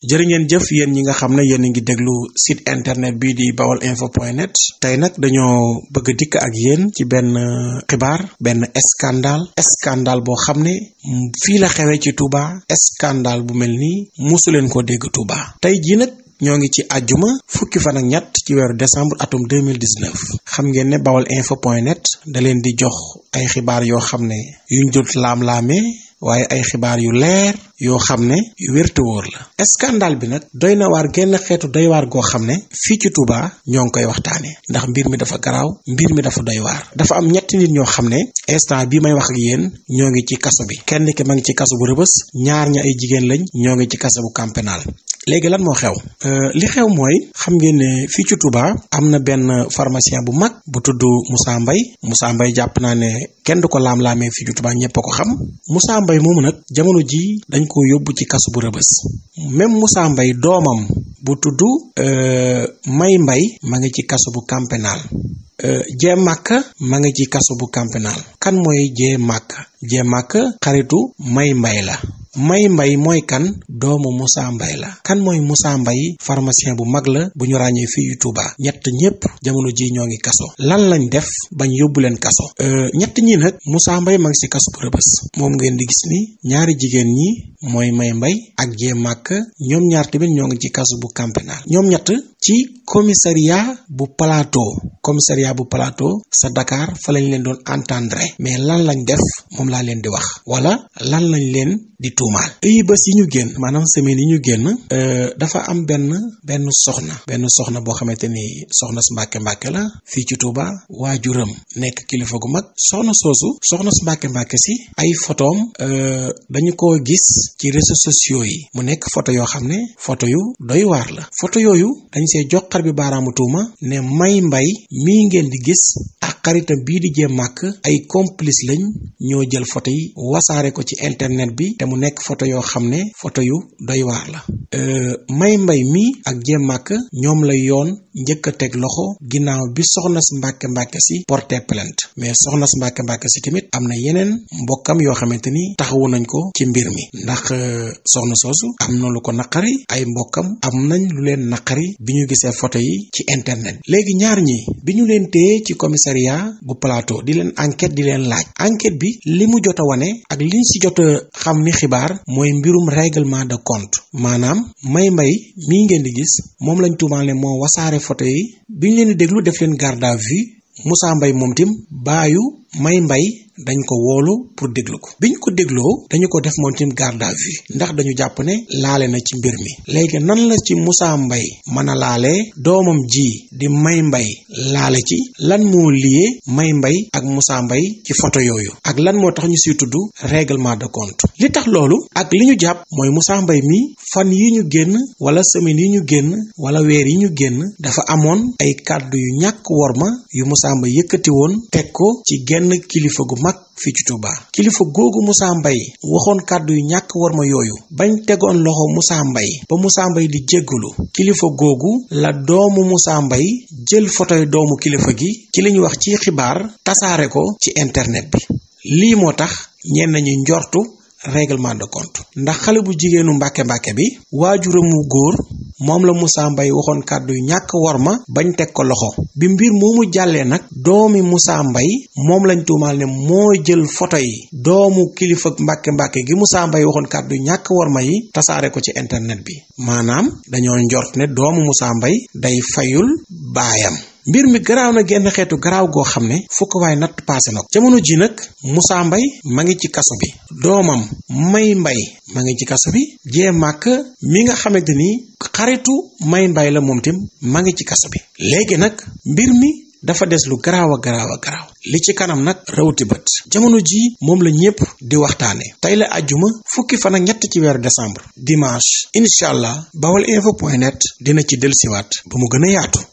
jërë ngeen jëf yéen ñi nga xam ne yéen a ngi déglu site internet bii di bawal info point net tey nag dañoo bëgg dikk ak yéen ci benn euh, xibaar benn scandale scandale boo xam ne fii la xewee ci Touba scandale bu mel nii musu leen ko dégg Touba tey jii nag ñoo ngi ci àjjuma fukki fan ak ñett ci weeru décembre atum 2019 xam ngeen ne bawal info point net da leen di jox ay xibaar yoo xam ne yuñ dut laam-laamee waaye ay xibaar yu leer yoo xam ne yu wérte wóor la scandale bi nag doy na waar genn xeetu doy waar goo xam ne fii ci Touba ñoo ngi koy waxtaanee ndax mbir mi dafa garaaw mbir mi dafa doy waar dafa am ñetti nit ñoo xam ne instant bi may wax ak yéen ñoo ngi ci kaso bi kenn ki ma ngi ci kaso bu rëbës ñaar ña ay jigéen lañ ñoo ngi ci kaso bu camp pénal léegi lan moo xew euh, li xew mooy xam ngeen ne fii ci Touba am na benn pharmacien bu mag bu tudd Moussa mbay Moussa mbay jàpp naa ne kenn du ko laam-laamee fii ci Touba ñëpp a ko xam Moussa Mbaye moomu nag jamono ji dañ ko yóbbu ci kasu bu rëbës même musaa mbay doomam bu tudd euh, May mbay ma ngi ci kasu bu camp pénal jee màkk ma ngi ci kaso bu camp euh, kan mooy jee màkk jee màkk xaritu May mbay la may mbay mooy kan doomu Moussa mbay la kan mooy Moussa mbay pharmacien bu mag la bu ñu ràññee fii yu Touba ñett ñépp jamono ji ñoo ngi kaso lan lañ def bañ yóbbu leen kaso euh, ñett ñii nag Moussa mbay ma ngi ci kaso bu Rebeuss moom ngeen di gis ni ñaari jigéen ñi mooy May mbay ak Dié Màkk ñoom ñaar tamit ñoo ngi ci kaso bu Camp ñoom ñett ci commissariat bu palaato commissariat bu palaato sa dakaar fa lañ leen doon entendre mais lan lañ def moom laa leen di wax wala lan lañ leen di tuumaal. ay bés yi ñu génn maanaam semaine yi ñu génn euh, dafa am benn benn soxna benn soxna boo xamante ni soxna su Mbàkke Mbàkke la fii ci Touba waajuram nekk kilifa gu mag soxna soosu soxna su Mbàkke Mbàkke si ay photoom euh, dañu ko gis. ci réseaux sociaux yi mu nekk photo yoo xam ne foto yu doy waar la foto yooyu dañ see joxar bi baaraamu tuuma ne may mbay mii ngeen di gis ak xaritam bii di jéem màkk ay complice lañ ñoo jël photo yi wasaare ko ci internet bi te mu nekk photo yoo xam ne photo yu doy waar la euh, may mbay mi ak jéem màkk ñoom la yoon njëkk a teg loxo ginnaaw bi soxna si mbàkke mbàkke si porté plainte mais soxna si mbàkke mbàkke si tamit am na yeneen mbokkam yoo xamante ni taxawu nañ ko ci mbir mi ndax ndax euh, soxna soosu am na lu ko naqari ay mbokkam am nañ lu leen naqari bi ñu gisee photo yi ci internet léegi ñaar ñi bi ñu leen téye ci commissariat bu plateau di leen enquête di leen laaj enquête bi li mu jot a wane ak li si jot a xam ni xibaar mooy mbirum règlement de compte maanaam may mbay mii ngeen di gis moom lañ tuumaal ne moo wasaare photo yi bi ñu leen di déglu def leen garde à vue Moussa mbay moom tim baayu may mbay dañ ko woolu pour déglu ko bi ñu ko dégloo dañu ko def moom tim garde à vue ndax dañu jàpp ne laale na ci mbir mi léegi nan la ci Moussa mbay mën a laale doomam ji di May mbay laale ci lan moo lié May mbay ak Moussa mbay ci photo yooyu ak lan moo tax ñu siy tudd réglement de compte li tax loolu ak li ñu jàpp mooy Moussa mbay mi fan yi ñu génn wala semaine yi ñu génn wala weer yi ñu génn dafa amoon ay kàddu yu ñàkk worma yu Moussa Mbaye yëkkati woon teg ko ci genn kilifa gu mag fii ci Touba kilifa googu musaa mbay waxoon kàddu yu ñàkk war ma yooyu bañ tegoon loxo musaa mbay ba Moussa Mbaye di jéggalu kilifa googu la doomu Moussa mbay jël fotoy doomu kilifa gi ci li wax ci xibaar tasaare ko ci internet bi lii moo tax ñenn ñi njortu règlement de compte ndax xale bu jigéenu mbàkke mbàkke bi waajuramu góor moom la Moussa mbay waxoon kàddu yu ñàkk war ma bañ teg ko loxo bi mbir moomu jàllee nag doomi Moussa mbay moom lañ tuumaal ne moo jël photo yi doomu kilifa mbàkke mbàkke gi Moussa mbay waxoon kàddu yu ñàkk war ma yi tasaare ko ci internet bi maanaam dañoo njort ne doomu Moussa mbay day fayul baayam mbir mi garaaw na genn xeetu garaaw goo xam ne fukk waaye natt paase nag ko jamono ji nag Moussa mbay ma ngi ci kaso bi doomam May mbay ma ngi ci kaso bi jee màkk mi nga xamante ni xaritu May mbay la moom tim ma ngi ci kaso bi léegi nag mbir mi dafa des lu garaaw a garaaw a li ci kanam nag rawti bët jamono ji moom la ñépp di waxtaane tey la àjjuma fukki fan ak ñett ci weeru décembre dimanche incha allah bawal info point net dina ci siwaat ba mu gën a yaatu